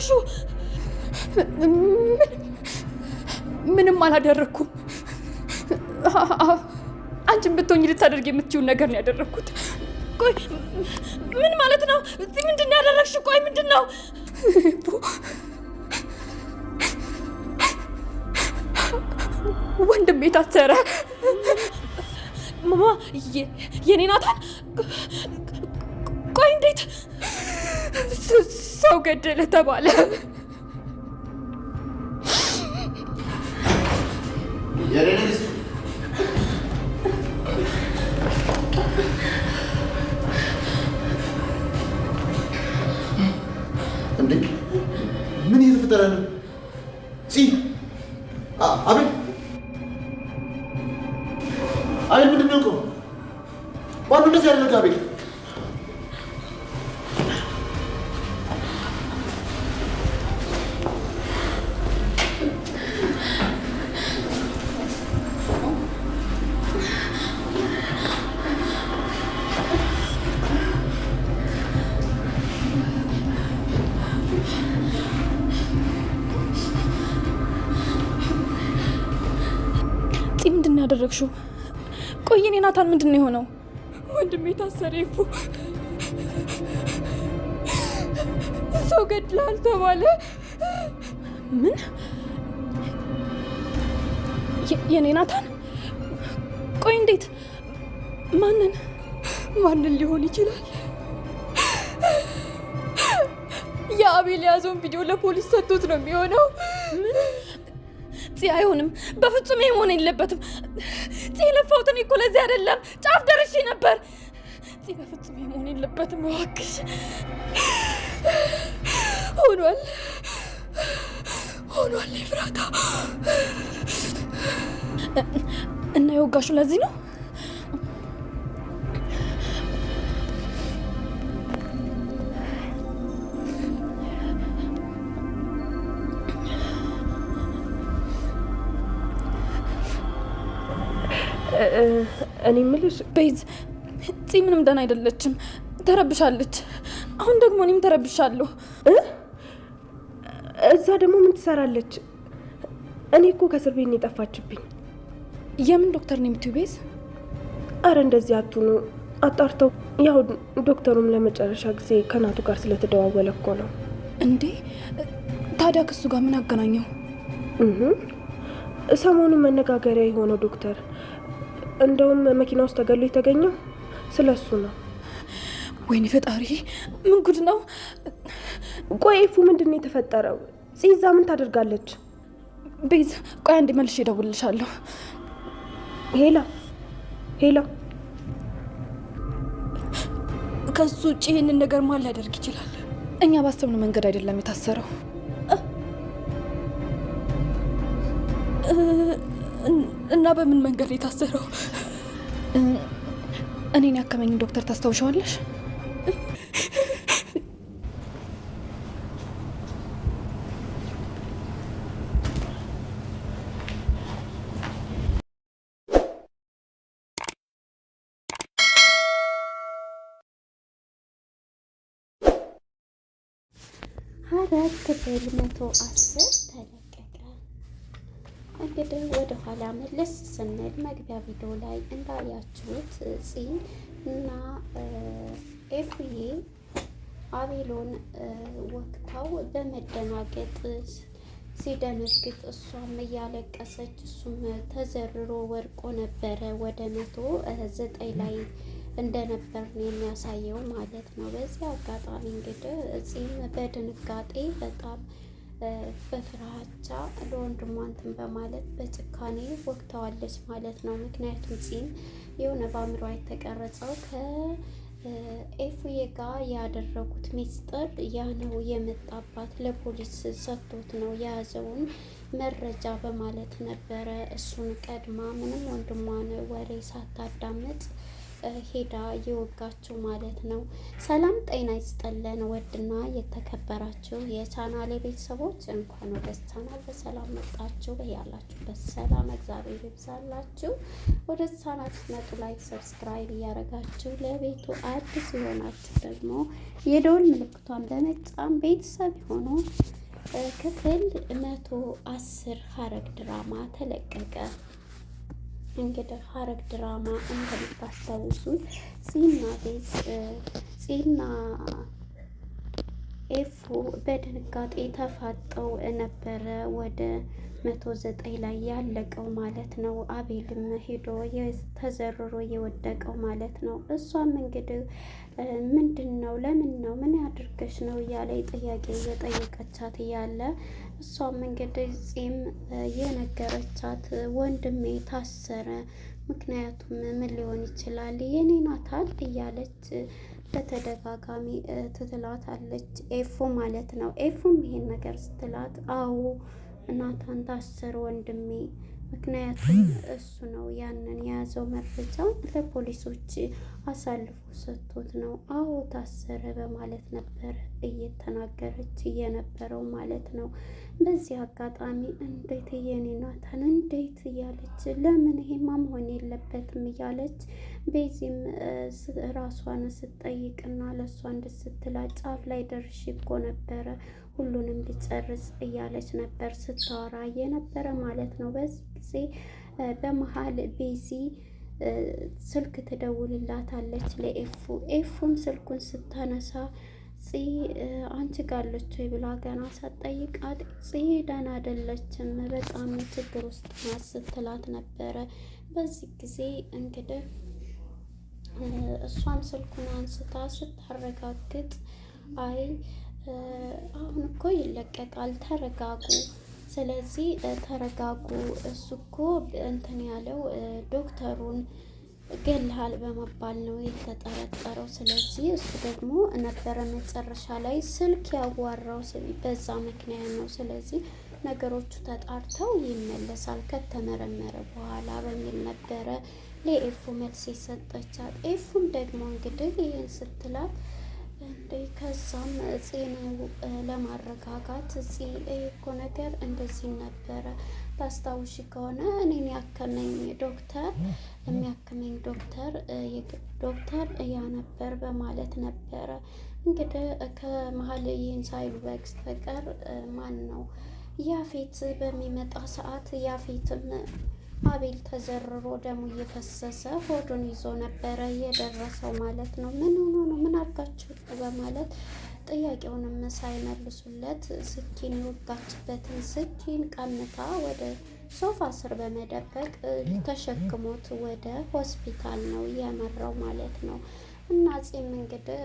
ያደረግሽው? ምንም አላደረግኩም። አንቺን ብትሆኝ ልታደርግ የምትችውን ነገር ነው ያደረግኩት። ቆይ ምን ማለት ነው? እዚህ ምንድን ነው ያደረግሽው? ቆይ ምንድን ነው? ወንድም የታሰረ ማማ የኔ ናታን። ቆይ እንዴት ሰው ገደለ ተባለ። አደረግሽው? ቆይ እኔ ናታን ምንድን ነው የሆነው? ወንድሜ ታሰረ። ይፉ ሰው ገድላል ተባለ። ምን? የኔ ናታን? ቆይ እንዴት? ማንን ማንን ሊሆን ይችላል? የአቤል የያዘውን ቪዲዮ ለፖሊስ ሰጥቶት ነው የሚሆነው። ጽ አይሆንም፣ በፍጹም ይሄ መሆን የለበትም። ጽ የለፋሁትን እኮ ለዚህ አይደለም ጫፍ ደርሼ ነበር። ጽ በፍጹም ይሄ መሆን የለበትም። እባክሽ ሆኗል፣ ሆኗል። ኤፍራታ እና የወጋሹ ለዚህ ነው እኔ ምልሽ ቤዝ ፂ ምንም ደህና አይደለችም፣ ተረብሻለች። አሁን ደግሞ እኔም ተረብሻለሁ። እዛ ደግሞ ምን ትሰራለች? እኔ እኮ ከእስር ቤት ነው የጠፋችብኝ። የምን ዶክተር ነው የምትይው ቤዝ? አረ እንደዚህ አቱኑ አጣርተው ያው ዶክተሩም ለመጨረሻ ጊዜ ከናቱ ጋር ስለተደዋወለ እኮ ነው። እንዴ ታዲያ ከሱ ጋር ምን አገናኘው? ሰሞኑን መነጋገሪያ የሆነው ዶክተር እንደውም መኪና ውስጥ ተገሎ የተገኘው ስለ እሱ ነው። ወይኔ ፈጣሪ፣ ምን ጉድ ነው? ቆይ ኤፉ፣ ምንድን ነው የተፈጠረው? ጽዛ ምን ታደርጋለች? ቤዝ፣ ቆይ አንዴ መልሼ እደውልልሻለሁ። ሄላ፣ ሄላ፣ ከሱ ውጭ ይህንን ነገር ማን ሊያደርግ ይችላል? እኛ ባሰብነው መንገድ አይደለም የታሰረው። እና በምን መንገድ የታሰረው? እኔን ያከመኝ ዶክተር ታስታውሻዋለሽ? ክፍል መቶ አስር እንግዲህ ወደ ኋላ መለስ ስንል መግቢያ ቪዲዮ ላይ እንዳያችሁት ፂ እና ኤፍዬ አቤሎን ወቅታው በመደናገጥ ሲደነግጥ እሷም እያለቀሰች እሱም ተዘርሮ ወርቆ ነበረ። ወደ መቶ ዘጠኝ ላይ እንደነበር ነው የሚያሳየው ማለት ነው። በዚህ አጋጣሚ እንግዲህ ፂም በድንጋጤ በጣም በፍራቻ ለወንድሟ እንትን በማለት በጭካኔ ወቅተዋለች ማለት ነው። ምክንያቱም ጺም የሆነ በአእምሮ የተቀረጸው ከኤፉዬ ጋር ያደረጉት ሚስጥር ያ ነው የመጣባት ለፖሊስ ሰጥቶት ነው የያዘውን መረጃ በማለት ነበረ እሱን ቀድማ ምንም ወንድሟን ወሬ ሳታዳምጥ ሄዳ የወጋችው ማለት ነው። ሰላም ጤና ይስጠለን። ወድና የተከበራችሁ የቻናል ቤተሰቦች እንኳን ወደ ቻናል በሰላም መጣችሁ። ያላችሁበት ሰላም እግዚአብሔር ይብዛላችሁ። ወደ ቻናል ስትመጡ ላይክ፣ ሰብስክራይብ እያደረጋችሁ ለቤቱ አዲስ የሆናችሁ ደግሞ የደወል ምልክቷን በመጫን ቤተሰብ ሆኖ ክፍል መቶ አስር ሀረግ ድራማ ተለቀቀ። እንግዲህ ሐረግ ድራማ እንደምታስታውሱት ጺና ቤት ጺና ኤፉ በድንጋጤ ተፋጠው ነበረ ወደ መቶ ዘጠኝ ላይ ያለቀው ማለት ነው። አቤልም ሄዶ ተዘርሮ የወደቀው ማለት ነው። እሷም እንግዲህ ምንድን ነው ለምን ነው ምን ያድርገሽ ነው እያለ ጥያቄ እየጠየቀቻት እያለ እሷም እንግዲህ ጺም የነገረቻት ወንድሜ ታሰረ፣ ምክንያቱም ምን ሊሆን ይችላል የኔ ናታል እያለች በተደጋጋሚ ትትላት አለች ኤፉ ማለት ነው። ኤፉም ይሄን ነገር ስትላት አዎ ናታን ታሰር ወንድሜ፣ ምክንያቱም እሱ ነው ያንን የያዘው መረጃውን ለፖሊሶች አሳልፎ ሰጥቶት ነው። አዎ ታሰረ በማለት ነበር እየተናገረች እየነበረው ማለት ነው። በዚህ አጋጣሚ እንዴት የኔ ናታን እንዴት እያለች ለምን ይሄማ መሆን የለበትም እያለች ቤዚም ራሷን ስትጠይቅና ለእሷ እንድስትላ ጫፍ ላይ ደርሼ እኮ ነበረ ሁሉንም ልጨርስ እያለች ነበር ስታወራ የነበረ ማለት ነው። በዚህ ጊዜ በመሀል ቤዚ ስልክ ትደውልላታለች ለኤፉ። ኤፉም ስልኩን ስታነሳ ጽ አንቺ ጋለች ወይ ብላ ገና ሳትጠይቃት ጽ ደህና አይደለችም በጣም ችግር ውስጥ ናት ስትላት ነበረ። በዚህ ጊዜ እንግዲህ እሷም ስልኩን አንስታ ስታረጋግጥ አይ አሁን እኮ ይለቀቃል፣ ተረጋጉ ስለዚህ ተረጋጉ። እሱ እኮ እንትን ያለው ዶክተሩን ገልሃል በመባል ነው የተጠረጠረው። ስለዚህ እሱ ደግሞ ነበረ መጨረሻ ላይ ስልክ ያዋራው በዛ ምክንያት ነው። ስለዚህ ነገሮቹ ተጣርተው ይመለሳል ከተመረመረ በኋላ በሚል ነበረ ለኤፉ መልስ የሰጠቻት። ኤፉም ደግሞ እንግዲህ ይህን ስትላት ከዛም ጽኑ ለማረጋጋት ጽ ነገር እንደዚህ ነበረ ታስታውሽ ከሆነ እኔን ያከመኝ ዶክተር የሚያከመኝ ዶክተር ዶክተር ያ ነበር በማለት ነበረ እንግዲህ ከመሀል ይህን ሳይሉ በስተቀር ማን ነው ያፌት በሚመጣ ሰዓት ያፌትም አቤል ተዘርሮ ደሙ እየፈሰሰ ሆዱን ይዞ ነበረ የደረሰው ማለት ነው። ምን ሆኖ ነው ምን አድርጋችሁ በማለት ጥያቄውንም ሳይመልሱለት ስኪን የወጋችበትን ስኪን ቀምታ ወደ ሶፋ ስር በመደበቅ ተሸክሞት ወደ ሆስፒታል ነው የመራው ማለት ነው። እና ጺም እንግዲህ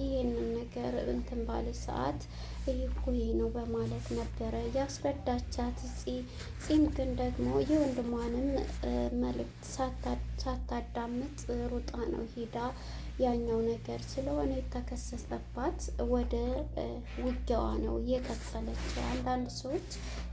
ይህንን ነገር እንትን ባለ ሰዓት ይህ እኮ ይሄ ነው በማለት ነበረ ያስረዳቻት። ጺም ግን ደግሞ የወንድሟንም መልእክት ሳታዳምጥ ሩጣ ነው ሄዳ ያኛው ነገር ስለሆነ የተከሰሰባት ወደ ውጊያዋ ነው የቀጠለችው። አንዳንድ ሰዎች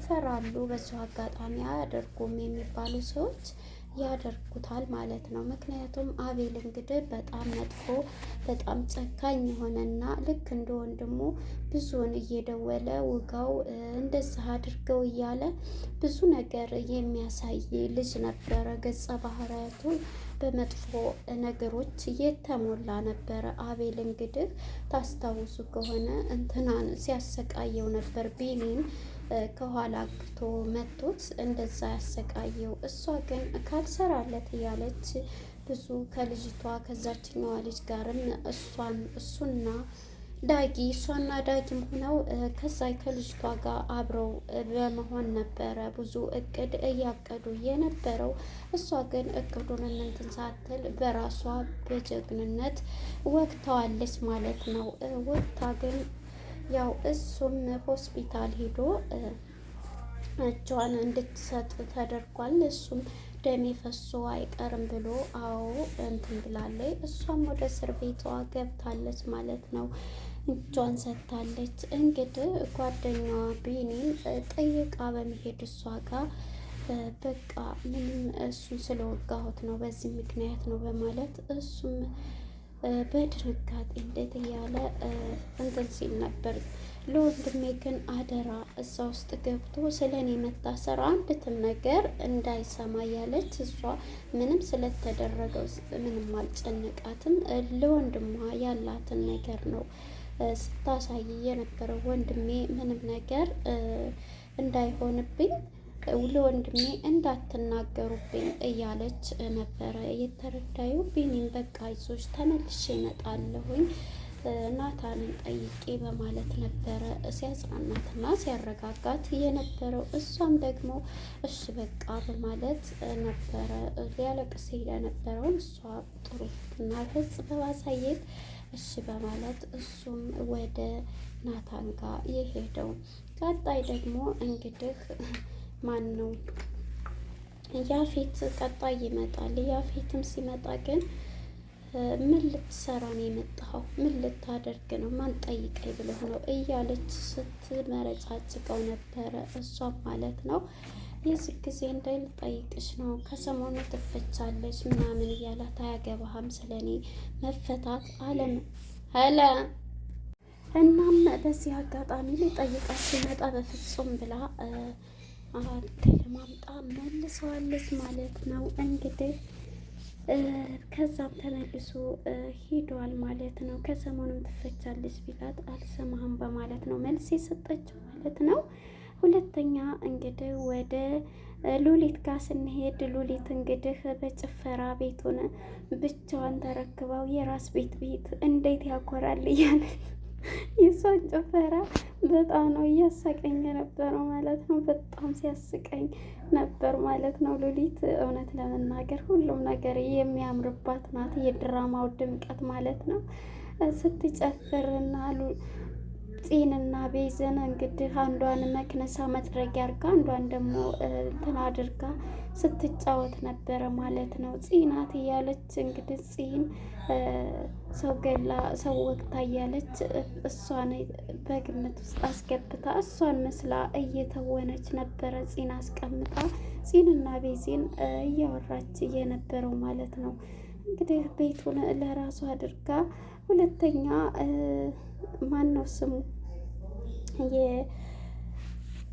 ይፈራሉ። በዚሁ አጋጣሚ አያደርጉም የሚባሉ ሰዎች ያደርጉታል ማለት ነው። ምክንያቱም አቤል እንግዲህ በጣም መጥፎ በጣም ጨካኝ የሆነና ልክ እንደ ወንድሙ ብዙውን እየደወለ ውጋው፣ እንደዚህ አድርገው እያለ ብዙ ነገር የሚያሳይ ልጅ ነበረ። ገጸ ባህሪያቱ በመጥፎ ነገሮች የተሞላ ነበረ። አቤል እንግዲህ ታስታውሱ ከሆነ እንትናን ሲያሰቃየው ነበር ቢኒን ከኋላ አግቶ መቶት እንደዛ ያሰቃየው። እሷ ግን ካልሰራለት እያለች ብዙ ከልጅቷ ከዛችኛዋ ልጅ ጋርም እሷን እሱና ዳጊ እሷና ዳጊም ሆነው ከዛ ከልጅቷ ጋር አብረው በመሆን ነበረ ብዙ እቅድ እያቀዱ የነበረው። እሷ ግን እቅዱን እንትን ሳትል በራሷ በጀግንነት ወቅተዋለች ማለት ነው። ወቅታ ግን ያው እሱም ሆስፒታል ሄዶ እጇን እንድትሰጥ ተደርጓል። እሱም ደሜ ፈሶ አይቀርም ብሎ አዎ እንትን ብላለች። እሷም ወደ እስር ቤቷ ገብታለች ማለት ነው። እጇን ሰጥታለች። እንግዲህ ጓደኛዋ ቢኒን ጠይቃ በመሄድ እሷ ጋር በቃ ምንም እሱን ስለወጋሁት ነው በዚህ ምክንያት ነው በማለት እሱም በድንጋጤ እንዴት እያለ እንትን ሲል ነበር። ለወንድሜ ግን አደራ እዛ ውስጥ ገብቶ ስለ እኔ መታሰር አንድትም ነገር እንዳይሰማ ያለች እሷ ምንም ስለተደረገው ምንም አልጨነቃትም። ለወንድሟ ያላትን ነገር ነው ስታሳይ የነበረው። ወንድሜ ምንም ነገር እንዳይሆንብኝ ለወንድሜ እንዳትናገሩብኝ እያለች ነበረ የተረዳዩ። ቢኒም በቃ ይዞች ተመልሼ እመጣለሁኝ ናታንን ጠይቄ በማለት ነበረ ሲያጽናናትና ሲያረጋጋት የነበረው። እሷም ደግሞ እሺ በቃ በማለት ነበረ ሊያለቅስ ሄደ ነበረውን እሷ ጥሩና ህጽ በማሳየት እሺ በማለት እሱም ወደ ናታን ጋር የሄደው። ቀጣይ ደግሞ እንግዲህ ማን ነው ያፌት ቀጣይ ይመጣል። ያፌትም ሲመጣ ግን ምን ልትሰራ ነው የመጣኸው? ምን ልታደርግ ነው? ማን ጠይቀኝ ብለህ ነው እያለች ስትመረጫጭቀው ነበረ። እሷም ማለት ነው የዚህ ጊዜ እንዳይ ልጠይቅሽ ነው ከሰሞኑ ትፈቻለች ምናምን እያላት አያገባህም፣ ስለኔ መፈታት አለም አለ። እናም በዚህ አጋጣሚ ሊጠይቃት ሲመጣ በፍጹም ብላ ተለማምጣ መልሰዋለች ማለት ነው እንግዲህ ከዛም ተመልሶ ሂደዋል ማለት ነው። ከሰሞኑም ትፈቻለች ቢላት አልሰማህም በማለት ነው መልስ የሰጠችው ማለት ነው። ሁለተኛ እንግዲህ ወደ ሉሊት ጋር ስንሄድ ሉሊት እንግዲህ በጭፈራ ቤቱን ብቻዋን ተረክበው የራስ ቤት ቤት እንዴት ያኮራል እያለ የእሷን ጭፈራ በጣም ነው እያሳቀኝ የነበረው ማለት ነው። በጣም ሲያስቀኝ ነበር ማለት ነው። ሉሊት እውነት ለመናገር ሁሉም ነገር የሚያምርባት ናት፣ የድራማው ድምቀት ማለት ነው። ስትጨፍርና ፂንና ቤዘን እንግዲህ አንዷን መክነሳ መጥረጊያ አድርጋ አንዷን ደግሞ እንትን አድርጋ ስትጫወት ነበረ ማለት ነው። ጽናት እያለች እንግዲህ ጽን ሰው ገላ ሰው ወቅታ እያለች እሷን በግምት ውስጥ አስገብታ እሷን መስላ እየተወነች ነበረ። ጽን አስቀምጣ ጽንና ቤዜን እያወራች የነበረው ማለት ነው። እንግዲህ ቤቱን ለራሱ አድርጋ ሁለተኛ ማን ነው ስሙ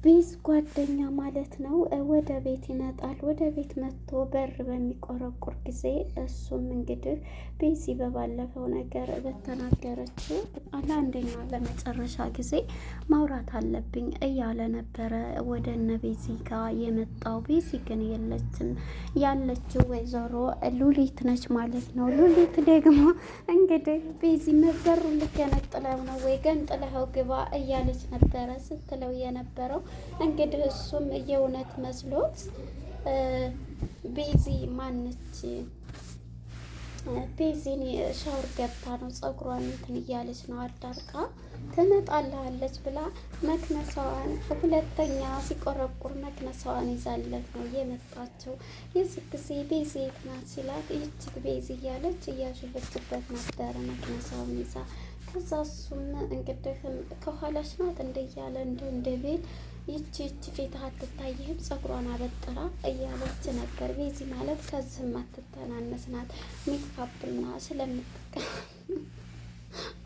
ቤዝ ጓደኛ ማለት ነው ወደ ቤት ይመጣል። ወደ ቤት መጥቶ በር በሚቆረቁር ጊዜ እሱም እንግዲህ ቤዚ በባለፈው ነገር በተናገረችው ለአንዴና ለመጨረሻ ጊዜ ማውራት አለብኝ እያለ ነበረ ወደ እነ ቤዚ ጋር የመጣው። ቤዚ ግን የለችም። ያለችው ወይዘሮ ሉሊት ነች ማለት ነው። ሉሊት ደግሞ እንግዲህ ቤዚ መበሩ ልትገነጥለው ነው ወይ ገንጥለኸው ግባ እያለች ነበረ ስትለው የነበረው እንግዲህ እሱም የእውነት መስሎት ቤዚ ማነች ቤዚን ሻወር ገብታ ነው ጸጉሯን እንትን እያለች ነው አዳርቃ ትመጣልሃለች ብላ መክነሳዋን ሁለተኛ ሲቆረቁር መክነሳዋን ይዛለት ነው የመጣቸው። የዚህ ጊዜ ቤዚ የት ናት ሲላት ይችግ ቤዚ እያለች እያሸፈችበት ነበረ መክነሳውን ይዛ። ከዛ እሱም እንግዲህ ከኋላሽ ናት እንደ እያለ እንደ እንደ ቤል ይቺ ይቺ ፊትህ አትታይህም ጸጉሯን አበጥራ እያለች ነበር። ቤዚ ማለት ከዚህም አትተናነስ ናት። ሜካፕና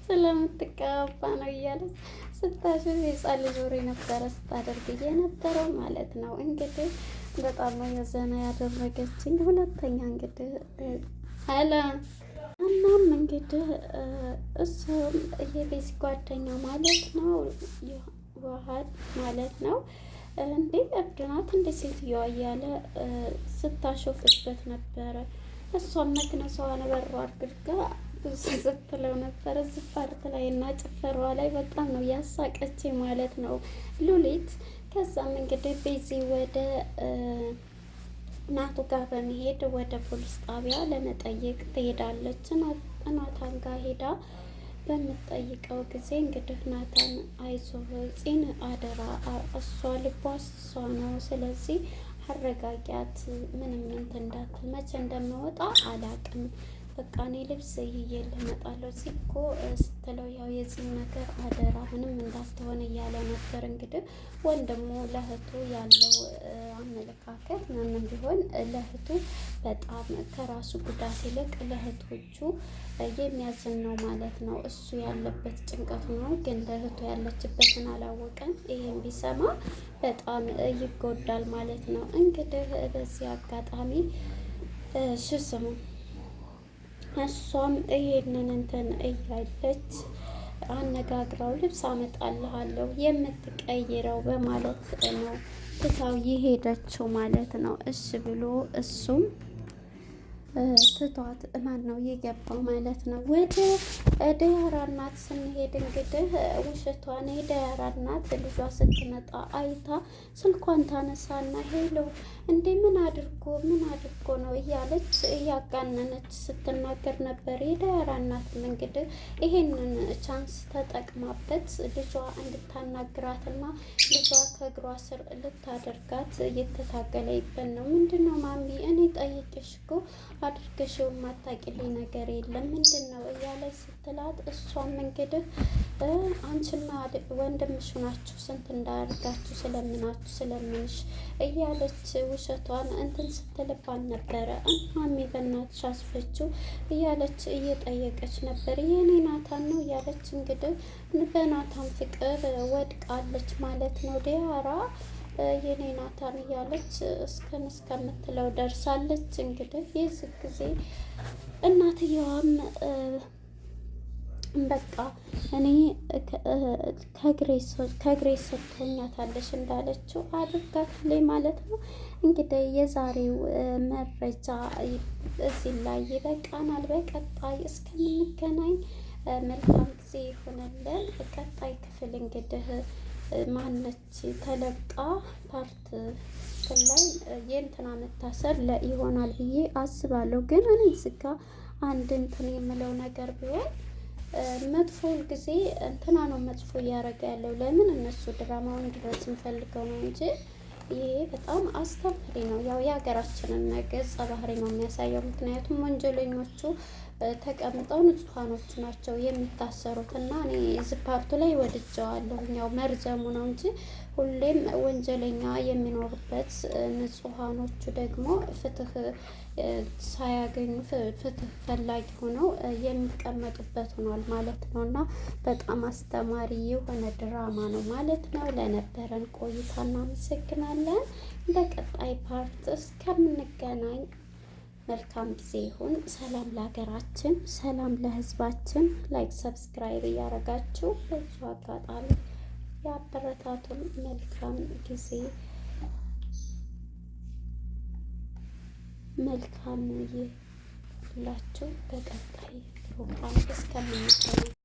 ስለምትቀባ ነው እያለች ስታሽ የጻል ዞር ነበረ ስታደርግ እየነበረው ማለት ነው። እንግዲህ በጣም ነው የዘና ያደረገችኝ ሁለተኛ እንግዲህ አለ እናም እንግዲህ እሱም የቤዚ ጓደኛ ማለት ነው ባህል ማለት ነው። እንዴ ናት እንደ ሴትዮዋ እያለ ስታሾፍበት ነበረ። እሷም መክነሷን ነበሩ አድርጋ ብዙ ስትለው ነበረ። ዝፋርት ላይ እና ጭፈሯ ላይ በጣም ነው ያሳቀች ማለት ነው ሉሊት። ከዛም እንግዲህ ቤዚ ወደ እናቱ ጋር በመሄድ ወደ ፖሊስ ጣቢያ ለመጠየቅ ትሄዳለች። እናቷን ጋር ሄዳ በምትጠይቀው ጊዜ እንግዲህ ናታን አይዞህ ፂን አደራ፣ እሷ ልቧ እሷ ነው። ስለዚህ አረጋጊያት፣ ምንም እንትን እንዳትል። መቼ እንደምወጣ አላውቅም በቃ እኔ ልብስ ይዤልህ እመጣለሁ ሲል እኮ ስትለው ያው የዚህም ነገር አደራ አሁንም እንዳትሆን እያለ ነበር። እንግዲህ ወንድሙ ለእህቱ ያለው አመለካከት ምንም ቢሆን ለእህቱ በጣም ከራሱ ጉዳት ይልቅ ለእህቶቹ የሚያዝን ነው ማለት ነው። እሱ ያለበት ጭንቀቱ ነው፣ ግን ለእህቱ ያለችበትን አላወቀም። ይህም ቢሰማ በጣም ይጎዳል ማለት ነው። እንግዲህ በዚህ አጋጣሚ እሺ እሷም ይሄንን እንትን እያለች አነጋግራው ልብስ አመጣልሃለሁ የምትቀይረው በማለት ነው ትታው የሄደችው ማለት ነው። እሺ ብሎ እሱም ትቷት ማን ነው የገባው ማለት ነው ወደ ዲያራ እናት ስንሄድ እንግዲህ ውሸቷን የዲያራ እናት ልጇ ስትመጣ አይታ ስልኳን ታነሳና ሄሎ እንዴ ምን አድርጎ ምን አድርጎ ነው እያለች እያጋነነች ስትናገር ነበር። የዲያራ እናትም እንግዲህ ይሄንን ቻንስ ተጠቅማበት ልጇ እንድታናግራትና ልጇ ከእግሯ ስር ልታደርጋት እየተታገለ ይበን ነው። ምንድን ነው ማሚ እኔ ጠይቅሽ እኮ አድርገሽው ማታቂልኝ ነገር የለም ምንድን ነው እያለች ስትላት እሷም እንግዲህ አንቺና ወንድምሽ ናችሁ ስንት እንዳያርጋችሁ ስለምናችሁ ስለምንሽ እያለች ውሸቷን እንትን ስትልባል ነበረ። እማሚ በእናትሽ አስፈችው እያለች እየጠየቀች ነበር። የኔ ናታን ነው እያለች እንግዲህ በናታን ፍቅር ወድቃለች ማለት ነው። ዲያራ የኔ ናታን እያለች እስከን እስከምትለው ደርሳለች። እንግዲህ የዚህ ጊዜ እናትየዋም በቃ እኔ ከግሬ ሰጥቶኛታለሽ እንዳለችው አድርጋታለች ማለት ነው። እንግዲህ የዛሬው መረጃ እዚህ ላይ ይበቃናል። በቀጣይ እስከምንገናኝ መልካም ጊዜ ይሆንልን። ቀጣይ ክፍል እንግዲህ ማነች ተለቃ ፓርት ላይ የእንትና መታሰር ይሆናል ብዬ አስባለሁ። ግን እኔ ስጋ አንድ እንትን የምለው ነገር ቢሆን መጥፎውን ጊዜ እንትና ነው መጥፎ እያደረገ ያለው። ለምን እነሱ ድራማውን ድረስ እንፈልገው ነው እንጂ ይሄ በጣም አስተማሪ ነው። ያው የሀገራችንን ገጸ ባህሪ ነው የሚያሳየው። ምክንያቱም ወንጀለኞቹ ተቀምጠው ንጹሐኖቹ ናቸው የሚታሰሩት እና እኔ እዚህ ፓርቱ ላይ ወድጀዋለሁ። ያው መርዘሙ ነው እንጂ ሁሌም ወንጀለኛ የሚኖርበት ንጹሐኖቹ ደግሞ ፍትህ ሳያገኙ ፍትህ ፈላጊ ሆነው የሚቀመጡበት ሆኗል ማለት ነው እና በጣም አስተማሪ የሆነ ድራማ ነው ማለት ነው። ለነበረን ቆይታ እናመሰግናለን። ለቀጣይ ፓርት እስከምንገናኝ መልካም ጊዜ ይሁን። ሰላም ለሀገራችን፣ ሰላም ለህዝባችን ላይክ ሰብስክራይብ እያደረጋችሁ በዙ አጋጣሚ የአበረታቱን። መልካም ጊዜ፣ መልካም ይሁንላችሁ። በቀጣይ ፕሮግራም እስከምንገናኝ